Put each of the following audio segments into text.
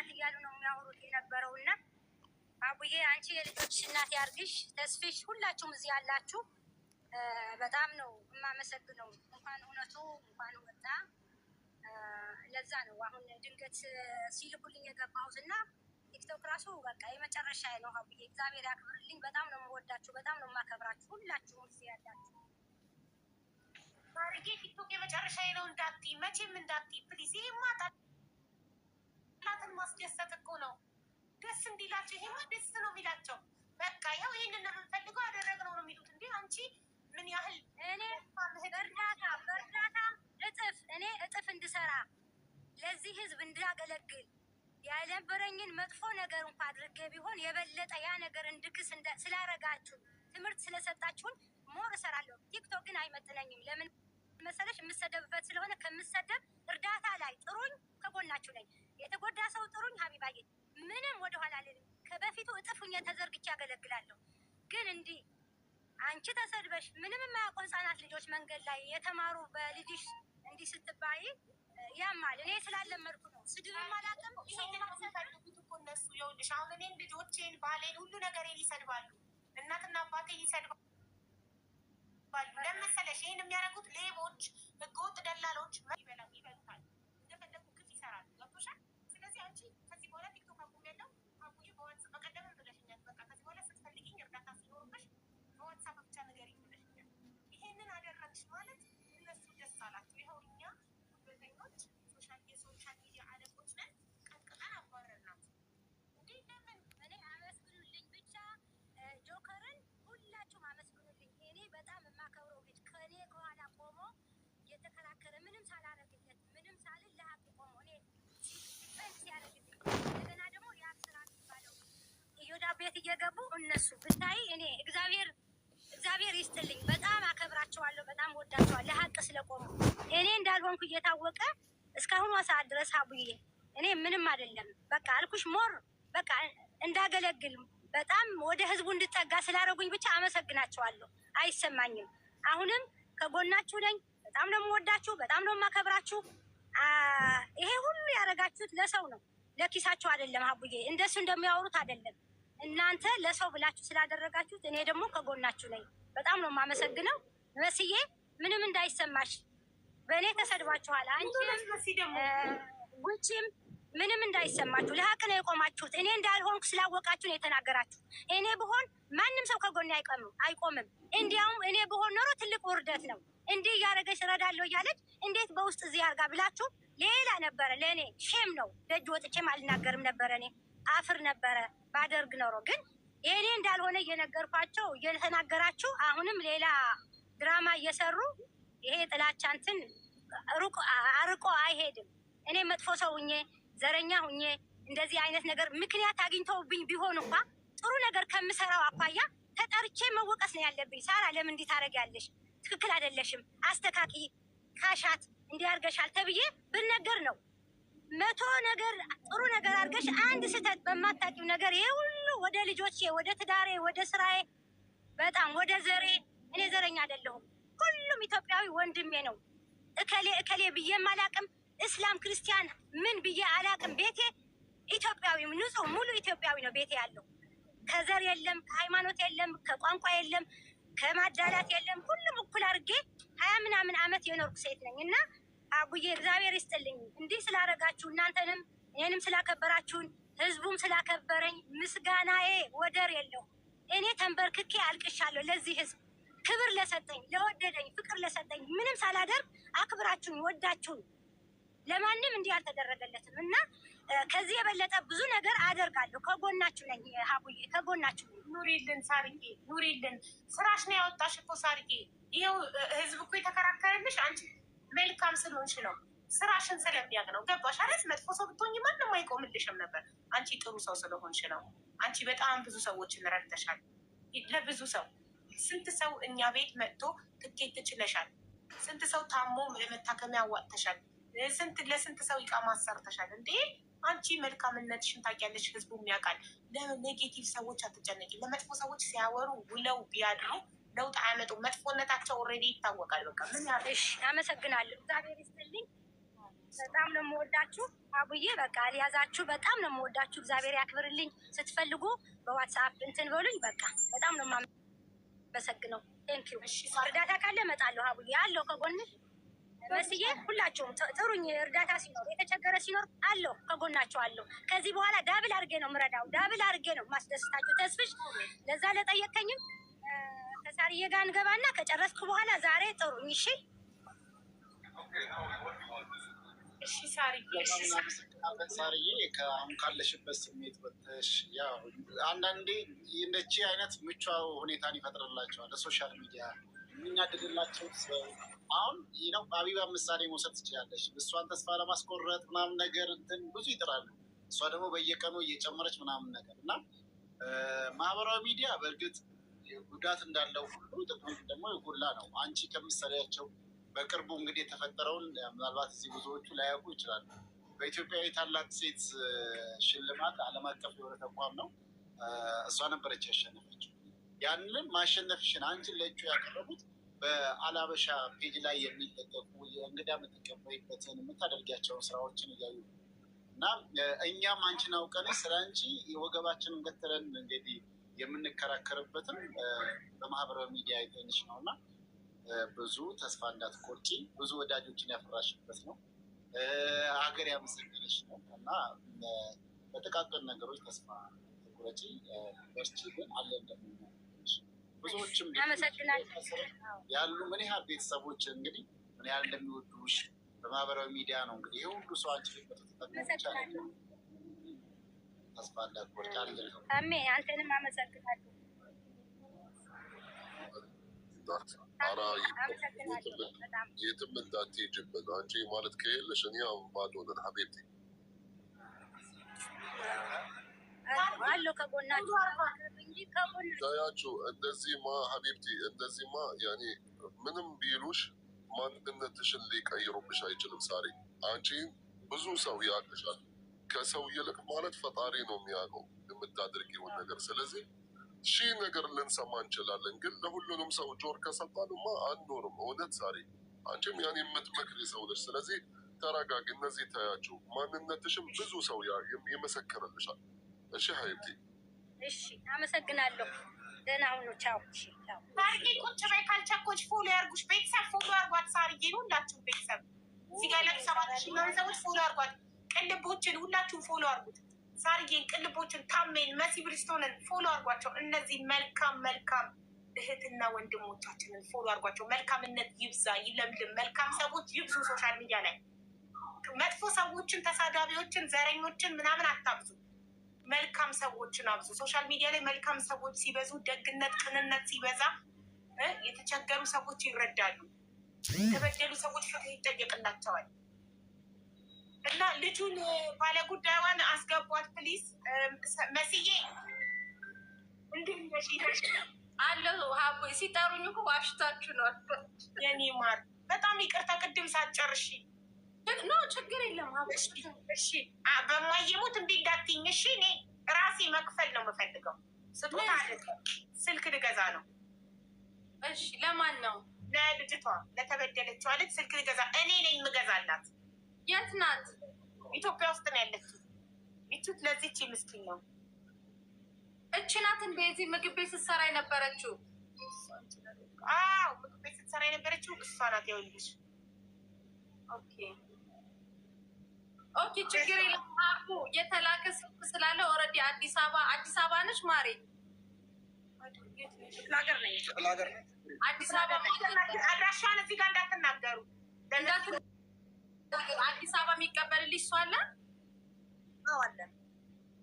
እናት እያሉ ነው የሚያወሩት የነበረው እና አቡዬ አንቺ የልጆች እናት ያርግሽ። ተስፊሽ ሁላችሁም እዚህ ያላችሁ በጣም ነው የማመሰግነው። እንኳን እውነቱ እንኳን ወጣ። ለዛ ነው አሁን ድንገት ሲልኩልኝ የገባሁት እና ቲክቶክ ራሱ በቃ የመጨረሻ ነው። አቡዬ እግዚአብሔር ያክብርልኝ። በጣም ነው የምወዳችሁ፣ በጣም ነው የማከብራችሁ ሁላችሁም እዚህ ያላችሁ ማርጌ ቲክቶክ የመጨረሻ ነው እንዳትዪ፣ መቼም እንዳትዪ ፕሊዝ ይሄ እናትን ማስደሰት እኮ ነው ደስ እንዲላቸው። ይሄማ ደስ ነው የሚላቸው። በቃ ያው ይህንን የምንፈልገው አደረግ ነው ነው የሚሉት። እንዲ አንቺ ምን ያህል እኔ እርዳታ በእርዳታ እጥፍ እኔ እጥፍ እንድሰራ ለዚህ ህዝብ እንዳገለግል ያለበረኝን መጥፎ ነገር እንኳ አድርጌ ቢሆን የበለጠ ያ ነገር እንድክስ ስላረጋችሁ ትምህርት ስለሰጣችሁን ሞር እሰራለሁ። ቲክቶክ ግን አይመጥነኝም። ለምን መሰለሽ? የምሰደብበት ስለሆነ ከምሰደብ እርዳታ ላይ ጥሩኝ፣ ከጎናችሁ ነኝ። የተጎዳ ሰው ጥሩኝ ሀቢባዬ፣ ምንም ወደኋላ አልልም። ከበፊቱ እጥፉኛ ተዘርግቼ ያገለግላለሁ። ግን እንዲህ አንቺ ተሰድበሽ ምንም የማያውቁ ህጻናት ልጆች መንገድ ላይ የተማሩ በልጅሽ እንዲህ ስትባይ ያማል። እኔ ስላለመድኩ ነው። ስድብ አላውቅም። ሰውማሰፈልጉት እኮ እነሱ ይኸውልሽ፣ አሁን እኔን ልጆቼን፣ ባሌን፣ ሁሉ ነገሬን ይሰድባሉ። እናትና አባቴን ይሰድባሉ። ለመሰለሽ ይህን የሚያደርጉት ሌቦች፣ ህገወጥ ደላሎች ይበላሉ። ትችላለች ማለት እነሱ ደስ አላቸው። ይኸው እኛ ጉልበተኞች የሶሻል ሚዲያ አለቆች ነን። ቀጥቅጠን አባረር ለምን እኔ አመስግኑልኝ ብቻ ጆከርን ሁላችሁም አመስግኑልኝ። እኔ በጣም የማከብረው ልጅ ከእኔ ከኋላ ቆሞ የተከራከረ ምንም ሳላረግለት ምንም ሳልል ለሀቅ ቆሞ እኔ እንደገና ደግሞ ስራ የሚባለው ቤት እየገቡ እነሱ ብታይ እኔ እግዚአብሔር እግዚአብሔር ይስጥልኝ። በጣም አከብራቸዋለሁ፣ በጣም ወዳቸዋለሁ። ለሀቅ ስለቆሙ እኔ እንዳልሆንኩ እየታወቀ እስካሁኗ ሰዓት ድረስ አቡዬ እኔ ምንም አይደለም። በቃ አልኩሽ ሞር በቃ እንዳገለግል በጣም ወደ ህዝቡ እንድጠጋ ስላደረጉኝ ብቻ አመሰግናቸዋለሁ። አይሰማኝም። አሁንም ከጎናችሁ ነኝ። በጣም ነው የምወዳችሁ፣ በጣም ነው የማከብራችሁ። ይሄ ሁሉ ያደረጋችሁት ለሰው ነው፣ ለኪሳቸው አይደለም። አቡዬ እንደሱ እንደሚያወሩት አይደለም። እናንተ ለሰው ብላችሁ ስላደረጋችሁት እኔ ደግሞ ከጎናችሁ ነኝ። በጣም ነው የማመሰግነው። መስዬ ምንም እንዳይሰማሽ በእኔ ተሰድባችኋል። አንቺም ጉቺም ምንም እንዳይሰማችሁ ለሀቅ ነው የቆማችሁት። እኔ እንዳልሆንኩ ስላወቃችሁ ነው የተናገራችሁ። እኔ ብሆን ማንም ሰው ከጎኔ አይቆምም። እንዲያውም እኔ ብሆን ኖሮ ትልቅ ውርደት ነው። እንዲህ እያደረገች እረዳለሁ እያለች እንዴት በውስጥ እዚህ አርጋ ብላችሁ ሌላ ነበረ። ለእኔ ሼም ነው። ደጅ ወጥቼም አልናገርም ነበረ እኔ አፍር ነበረ ባደርግ ኖሮ ግን የእኔ እንዳልሆነ እየነገርኳቸው እየተናገራችሁ አሁንም ሌላ ድራማ እየሰሩ ይሄ ጥላቻ እንትን አርቆ አይሄድም። እኔ መጥፎ ሰው ሁኜ ዘረኛ ሁኜ እንደዚህ አይነት ነገር ምክንያት አግኝተውብኝ ቢሆን እንኳ ጥሩ ነገር ከምሰራው አኳያ ተጠርቼ መወቀስ ነው ያለብኝ። ሳራ ለምን እንዲህ ታደርጊያለሽ? ትክክል አይደለሽም፣ አስተካኪ ካሻት እንዲያርገሻል ተብዬ ብነገር ነው መቶ ነገር ጥሩ ነገር አድርገሽ አንድ ስህተት በማታውቂው ነገር ይሄ ሁሉ ወደ ልጆቼ፣ ወደ ትዳሬ፣ ወደ ስራዬ፣ በጣም ወደ ዘሬ። እኔ ዘረኛ አይደለሁም። ሁሉም ኢትዮጵያዊ ወንድሜ ነው። እከሌ እከሌ ብዬም አላቅም። እስላም ክርስቲያን ምን ብዬ አላቅም። ቤቴ ኢትዮጵያዊ ንጹህ ሙሉ ኢትዮጵያዊ ነው ቤቴ ያለው። ከዘር የለም፣ ከሃይማኖት የለም፣ ከቋንቋ የለም፣ ከማዳላት የለም። ሁሉም እኩል አድርጌ ሀያ ምናምን ዓመት የኖርኩ ሴት ነኝ እና አጉዬ እግዚአብሔር ይስጥልኝ እንዲህ ስላደረጋችሁ እናንተንም እኔንም ስላከበራችሁን ህዝቡም ስላከበረኝ ምስጋናዬ ወደር የለው እኔ ተንበርክኬ አልቅሻለሁ። ለዚህ ህዝብ ክብር ለሰጠኝ፣ ለወደደኝ፣ ፍቅር ለሰጠኝ ምንም ሳላደርግ አክብራችሁን ወዳችሁን ለማንም እንዲህ አልተደረገለትም እና ከዚህ የበለጠ ብዙ ነገር አደርጋለሁ። ከጎናችሁ ነኝ ሀቡዬ፣ ከጎናችሁ ኑሪልን። ሳርጌ ኑሪልን፣ ስራሽ ነው ያወጣሽ እኮ ሳርጌ። ይኸው ህዝብ እኮ የተከራከረልሽ አንቺ መልካም ስለሆንሽ ነው። ስራሽን ስለሚያቅ ነው። ገባሽ አይደል? መጥፎ ሰው ብትሆኝ ማንም አይቆምልሽም ነበር። አንቺ ጥሩ ሰው ስለሆንሽ ነው። አንቺ በጣም ብዙ ሰዎችን ረድተሻል። ለብዙ ሰው ስንት ሰው እኛ ቤት መጥቶ ትኬት ትችለሻል። ስንት ሰው ታሞ መታከሚያ አዋጥተሻል። ስንት ለስንት ሰው እቃ ማሰርተሻል። እንዴ አንቺ መልካምነትሽን ታውቂያለሽ። ህዝቡ የሚያውቃል። ለኔጌቲቭ ሰዎች አትጨነቂ። ለመጥፎ ሰዎች ሲያወሩ ውለው ቢያድሩ ለውጥ አያመጡ። መጥፎነታቸው ኦልሬዲ ይታወቃል። በቃ ምን አመሰግናለሁ። እግዚአብሔር ይስጥልኝ። በጣም ነው የምወዳችሁ። አቡዬ በቃ አልያዛችሁ። በጣም ነው የምወዳችሁ። እግዚአብሔር ያክብርልኝ። ስትፈልጉ በዋትስአፕ እንትን በሉኝ። በቃ በጣም ነው የማመሰግነው። ቴንኪዩ። እርዳታ ካለ እመጣለሁ። አቡዬ አለሁ ከጎን መስዬ ሁላችሁም ጥሩኝ። እርዳታ ሲኖር የተቸገረ ሲኖር አለሁ ከጎናችሁ አለሁ። ከዚህ በኋላ ዳብል አድርጌ ነው የምረዳው፣ ዳብል አድርጌ ነው ማስደስታችሁ። ተስፍሽ ለዛ ለጠየቀኝም ከሳርዬ ጋር እንገባና ከጨረስኩ በኋላ ዛሬ ጥሩኝ። እሺ፣ እሺ ሳርዬ ከአሁን ካለሽበት ስሜት ወጥተሽ ያው አንዳንዴ እንደቺ አይነት ምቹ ሁኔታን ይፈጥርላቸዋል ለሶሻል ሚዲያ የሚናድድላቸው አሁን ይህ ነው። አቢባ ምሳሌ መውሰድ ትችላለች። እሷን ተስፋ ለማስቆረጥ ምናምን ነገር እንትን ብዙ ይጥራሉ። እሷ ደግሞ በየቀኑ እየጨመረች ምናምን ነገር እና ማህበራዊ ሚዲያ በእርግጥ ጉዳት እንዳለው ሁሉ ጥቅም ደግሞ የጎላ ነው። አንቺ ከምትሰሪያቸው በቅርቡ እንግዲህ የተፈጠረውን ምናልባት እዚህ ብዙዎቹ ላያውቁ ይችላሉ። በኢትዮጵያ የታላቅ ሴት ሽልማት ዓለም አቀፍ የሆነ ተቋም ነው። እሷ ነበረች ያሸነፈችው። ያንን ማሸነፍሽን አንቺን ለእጩ ያቀረቡት በአላበሻ ፔጅ ላይ የሚለቀቁ የእንግዳ የምትቀበይበትን የምታደርጊያቸውን ስራዎችን እያዩ እና እኛም አንቺን አውቀን ስለ አንቺ የወገባችንን ገትረን እንግዲህ የምንከራከርበትም በማህበራዊ ሚዲያ አይተንሽ ነው እና ብዙ ተስፋ እንዳትቆርጪ ብዙ ወዳጆችን ያፈራሽበት ነው። ሀገር ያመሰገነሽ ነው እና በጥቃቅን ነገሮች ተስፋ ትቁረጪ፣ በርቺ። ግን አለ እንደምን ብዙዎችም ያሉ ምን ያህል ቤተሰቦች እንግዲህ ምን ያህል እንደሚወዱሽ በማህበራዊ ሚዲያ ነው እንግዲህ ይህ ሁሉ ሰው አንቺ ተጠቅመቻለ ተስፋ እንዳትቆርጭ አልልም። ታሜ አንተንም አመሰግናለሁ። የትም እንዳትሄጂበት አንቺ ማለት ከሌለሽ እኔ አሁን ባዶ ነን ሐቢብቲ አለው ከጎናችሁ ታያችሁ። እንደዚህማ ሐቢብቲ እንደዚህማ ያኔ ምንም ቢሉሽ ማንነትሽን ሊቀይሩብሽ አይችልም። ሳሪ አንቺ ብዙ ሰው ያቅሻል ከሰው ይልቅ ማለት ፈጣሪ ነው የሚያውቀው የምታደርጊውን ነገር። ስለዚህ ሺህ ነገር ልንሰማ እንችላለን፣ ግን ለሁሉንም ሰው ጆር ከሰጣንማ አንኖርም። እውነት ዛሬ አንቺም ያን የምትመክሪ ሰው ነች። ስለዚህ ተረጋግ፣ እነዚህ ተያቸው። ማንነትሽም ብዙ ሰው ይመሰክርልሻል። እሺ ሀይብቲ፣ እሺ አመሰግናለሁ። ደህና ሁኑ። ቻው። ታርጌ ቁጭ በይ ካልቸኮች ፎሎ ያርጉሽ ቤተሰብ ፎሎ ያርጓት። ሳርጌ እንዳችሁ ቤተሰብ ሲጋለጥ ሰባት ሺ ሰዎች ፎሎ አርጓት። ቅልቦችን ሁላችሁን ፎሎ አርጉት። ሳርዬን ቅልቦችን፣ ታሜን፣ መሲ ብሪስቶንን ፎሎ አርጓቸው። እነዚህ መልካም መልካም እህትና ወንድሞቻችንን ፎሎ አርጓቸው። መልካምነት ይብዛ፣ ይለምልም። መልካም ሰዎች ይብዙ ሶሻል ሚዲያ ላይ። መጥፎ ሰዎችን፣ ተሳዳቢዎችን፣ ዘረኞችን ምናምን አታብዙ። መልካም ሰዎችን አብዙ። ሶሻል ሚዲያ ላይ መልካም ሰዎች ሲበዙ፣ ደግነት፣ ቅንነት ሲበዛ የተቸገሩ ሰዎች ይረዳሉ። የተበደሉ ሰዎች ፍትህ ይጠየቅላቸዋል። እና ልጁን ባለጉዳዩን አስገቧት ፕሊስ። መስዬ አለሁ ሲጠሩኝ እኮ ዋሽታችሁ ነው የኔ ማር። በጣም ይቅርታ ቅድም ሳትጨርሺ ኖ ችግር የለም እሺ። በማየሙት እንቢ እንዳትይኝ እሺ። እኔ ራሴ መክፈል ነው የምፈልገው። ስጦታ ስልክ ልገዛ ነው። እሺ ለማን ነው? ለልጅቷ ለተበደለችዋ ልጅ ስልክ ልገዛ እኔ ነኝ የምገዛላት የት ናት? ኢትዮጵያ ውስጥ ነው ያለችው። ይችት ለዚች ምስኪን ነው። እች ናት እንደ የዚህ ምግብ ቤት ስትሰራ የነበረችው። አዎ ምግብ ቤት ስትሰራ የነበረችው እሷ ናት። ይኸውልሽ ኦኬ ችግር የለምኩ የተላከ ስልክ ስላለ ኦልሬዲ አዲስ አበባ አዲስ አበባ ነች ማሬ፣ አዲስ አበባ አድራሻዋን እዚህ ጋር እንዳትናገሩ እንዳትናገሩ አዲስ አበባ የሚቀበልልሽ ሰው አለ?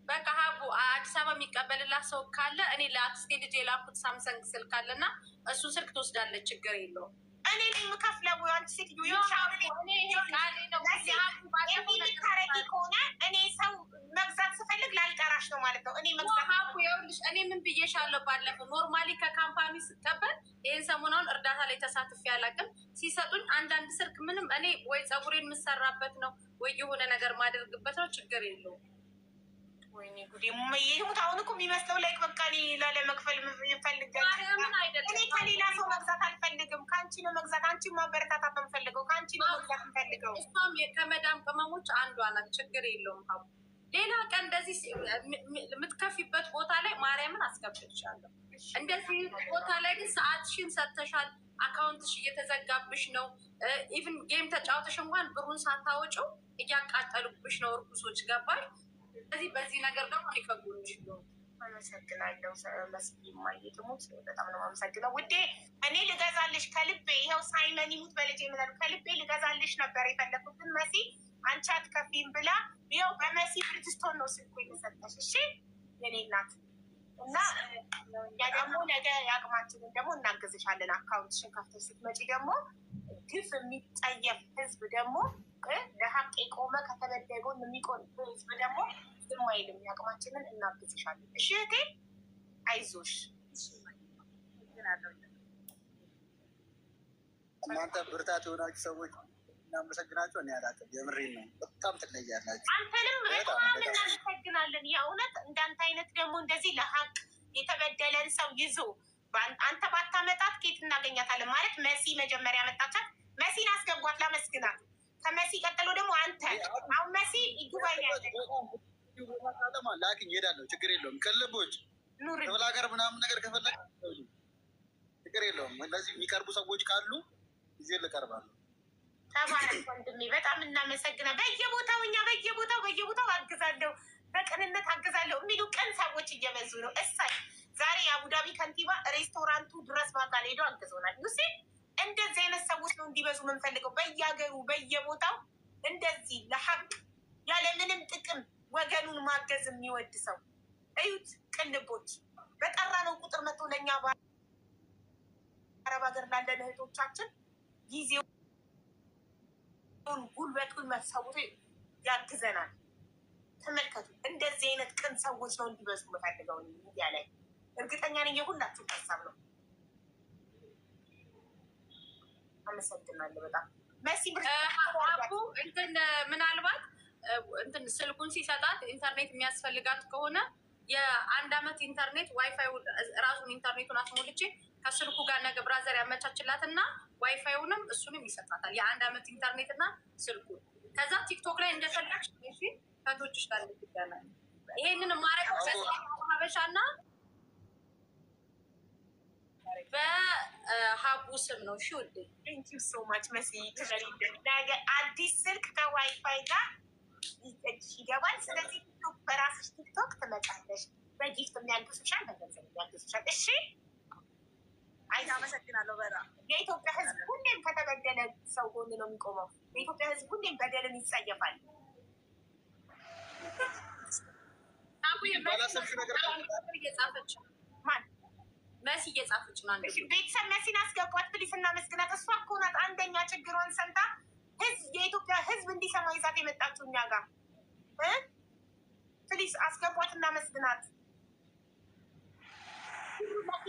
በቃ ሀቡ አዲስ አበባ የሚቀበልላት ሰው ካለ እኔ ለአክስቴ ልጅ የላኩት ሳምሰንግ ስልክ አለና እሱን ስልክ ትወስዳለች። ችግር የለውም። እኔ ላይ የምከፍለው አንቺ ሴትዮ ታረጊ ከሆነ እኔ ሰው መግዛት ስፈልግ ላልጠራሽ ነው ማለት ነው። እኔ መግዛት ይኸውልሽ፣ እኔ ምን ብዬሻለሁ? ባለፈው ኖርማሊ ከካምፓኒ ስቀበል ይህን ሰሞኑን እርዳታ ላይ ተሳትፌ አላውቅም። ሲሰጡኝ አንዳንድ ስልክ ምንም እኔ ወይ ፀጉሬን የምሰራበት ነው ወይ የሆነ ነገር ማደርግበት ነው ችግር የለውም ወይኔ ጉዴ የሙት አሁን እኮ የሚመስለው ላይክ በቃ ሌላ ለመክፈል እንፈልጋለን። እኔ ከሌላ ሰው መግዛት አልፈልግም። ከአንቺ ነው መግዛት፣ አንቺ ማበረታታት ነው የምፈልገው። ከአንቺ ነው መግዛት የምፈልገው። እሷም ከመዳም ቅመሞች አንዷ ናት። ችግር የለውም ሀ ሌላ ቀን እንደዚህ የምትከፊበት ቦታ ላይ ማርያምን አስገብልሻለሁ። እንደዚህ ቦታ ላይ ግን ሰዓትሽን ሰጥተሻል። አካውንትሽ እየተዘጋብሽ ነው። ኢቭን ጌም ተጫውተሽ እንኳን ብሩን ሳታወጪው እያቃጠሉብሽ ነው እርኩሶች ገባሽ ስለዚህ በዚህ ነገር ደግሞ እኔ ከጎንሽ አመሰግናለሁ። መስማየ ደግሞ በጣም ነው አመሰግነው ውዴ። እኔ ልገዛልሽ ከልቤ ይኸው ሳይመን ይሙት በልጅ የምላሉ ከልቤ ልገዛልሽ ነበር የፈለኩትን መሲ አንቺ አትከፊም ብላ ይኸው በመሲ ብርጅስቶን ነው ስልኩ የሰጠሽ። እሺ የኔ እናት እና ደግሞ ነገ የአቅማችንን ደግሞ እናግዝሻለን። አካውንትሽን ከፍተሽ ስትመጪ ደግሞ ግፍ የሚጠየፍ ህዝብ ደግሞ ለሀቅ የቆመ ከተበደለ የሚቆም ህዝብ ደግሞ ዝም አይልም። ያቅማችንን እናግዝሻለን። እሺ እህቴ አይዞሽ። እናንተ ብርታት የሆናችሁ ሰዎች እናመሰግናቸው። እኔ አላውቅም፣ የምሬን ነው። በጣም ትለያላችሁ። አንተንም በጣም እናመሰግናለን። የእውነት እንዳንተ አይነት ደግሞ እንደዚህ ለሀቅ የተበደለን ሰው ይዞ አንተ ባታመጣት ኬት እናገኛታለን ማለት መሲ መጀመሪያ መጣቻት። መሲን አስገቧት፣ ላመስግናት። ከመሲ ቀጥሎ ደግሞ አንተ። አሁን መሲ ዱባይ ያለ እሄዳለሁ። ችግር የለውም። ከልቦች ክፍለ ሀገር ምናምን ነገር ከፈለግ ችግር የለውም። እነዚህ የሚቀርቡ ሰዎች ካሉ ጊዜ ልቀርባሉ። ተባረክ ወንድሜ፣ በጣም እናመሰግና። በየቦታው እኛ በየቦታው በየቦታው አግዛለሁ፣ በቅንነት አግዛለሁ የሚሉ ቀን ሰዎች እየበዙ ነው። እሳይ እንዲበዙ የምንፈልገው በያገሩ በየቦታው እንደዚህ ለሀቅ ያለምንም ጥቅም ወገኑን ማገዝ የሚወድ ሰው እዩት። ቅንቦች በጠራ ነው ቁጥር መቶ ለእኛ አረብ ሀገር ላለን እህቶቻችን ጊዜውን ጉልበቱን መሰውቶ ያግዘናል። ተመልከቱ። እንደዚህ አይነት ቅን ሰዎች ነው እንዲበዙ የምፈልገው ሚዲያ ላይ እርግጠኛ ነኝ የሁላችሁ ሀሳብ ነው። አመሰግናለሁ በጣም አቡ እንትን ምናልባት እንትን ስልኩን ሲሰጣት ኢንተርኔት የሚያስፈልጋት ከሆነ የአንድ አመት ኢንተርኔት ዋይፋይ ራሱን ኢንተርኔቱን አስሞልቼ ከስልኩ ጋር ነገ ብራዘር ያመቻችላት እና ዋይፋይውንም እሱንም ይሰጣታል። የአንድ አመት ኢንተርኔት እና ስልኩ ከዛ ቲክቶክ ላይ እንደፈለግሽ ቶችሽ ጋር ይገናል። ይሄንን ማረግ ሀበሻ እና በሀቡ ስም ነው። እሺ ውዴ፣ ቴንኪው ሶ ማች መሲ። ነገ አዲስ ስልክ ከዋይፋይ ጋር ሊጠጅሽ ይገባል። ስለዚህ ቲክቶክ በራስሽ ቲክቶክ ትመጣለሽ። በጊፍት የሚያግሱሻል፣ በገንዘብ የሚያግሱሻል። እሺ አይታ አመሰግናለሁ። በራ የኢትዮጵያ ሕዝብ ሁሌም ከተበደለ ሰው ጎን ነው የሚቆመው። የኢትዮጵያ ሕዝብ ሁሌም በደልን ይጸየፋል። እየጻፈች ነው መሲ እየጻፈች ነው። ቤተሰብ መሲን አስገቧት ፕሊስ፣ እናመስግናት። እሷ እኮ ናት አንደኛ ችግሯን ሰምታ ህዝብ የኢትዮጵያ ህዝብ እንዲሰማ ይዛት የመጣችው እኛ ጋር። ፕሊስ አስገቧት፣ እናመስግናት።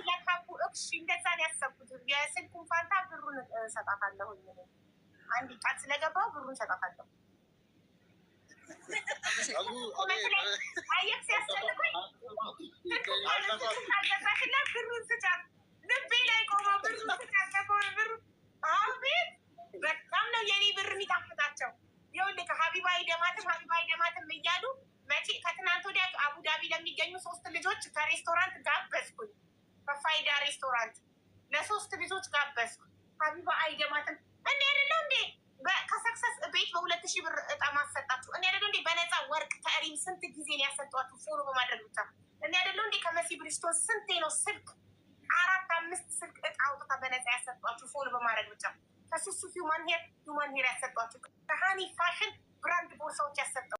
ለካቡ እሺ፣ እንደዛ ነው ያሰብኩት። የስልኩን ፋንታ ብሩን እሰጣታለሁ። አንድ ቃል ስለገባው ብሩን እሰጣታለሁ። አየህ ሲያስጨንቁኝ በጣም ነው የኔ ብር የሚጣፍጣቸው። ይኸውልህ ሀቢባ ይደማትም ሀቢባ ይደማትም እያሉ መቼ ከትናንት ወዲያ አቡዳቢ ለሚገኙ ሶስት ልጆች ከሬስቶራንት ጋበዝኩኝ። በፋይዳ ሬስቶራንት ለሶስት ልጆች ጋበዝኩ። ሀቢባ አይደማትም እንዴ አይደለው እንዴ ከሰክሰስ ቤት በሁለት ሺህ ብር እጣ ማሰጣችሁ እኔ አይደለሁ እንዴ? በነፃ ወርቅ ከሪም ስንት ጊዜ ነው ያሰጧችሁ? ፎሎ በማድረግ ብቻ እኔ አይደለሁ እንዴ? ከመሲ ብሪስቶን ስንቴ ነው ስልክ አራት አምስት ስልክ እጣ አውጥታ በነፃ ያሰጧችሁ? ፎሎ በማድረግ ብቻ ከሱሱ ሂውማን ሄር ሂውማን ሄር ያሰጧችሁ? ከሀኒ ፋሽን ብራንድ ቦርሳዎች ያሰጧችሁ?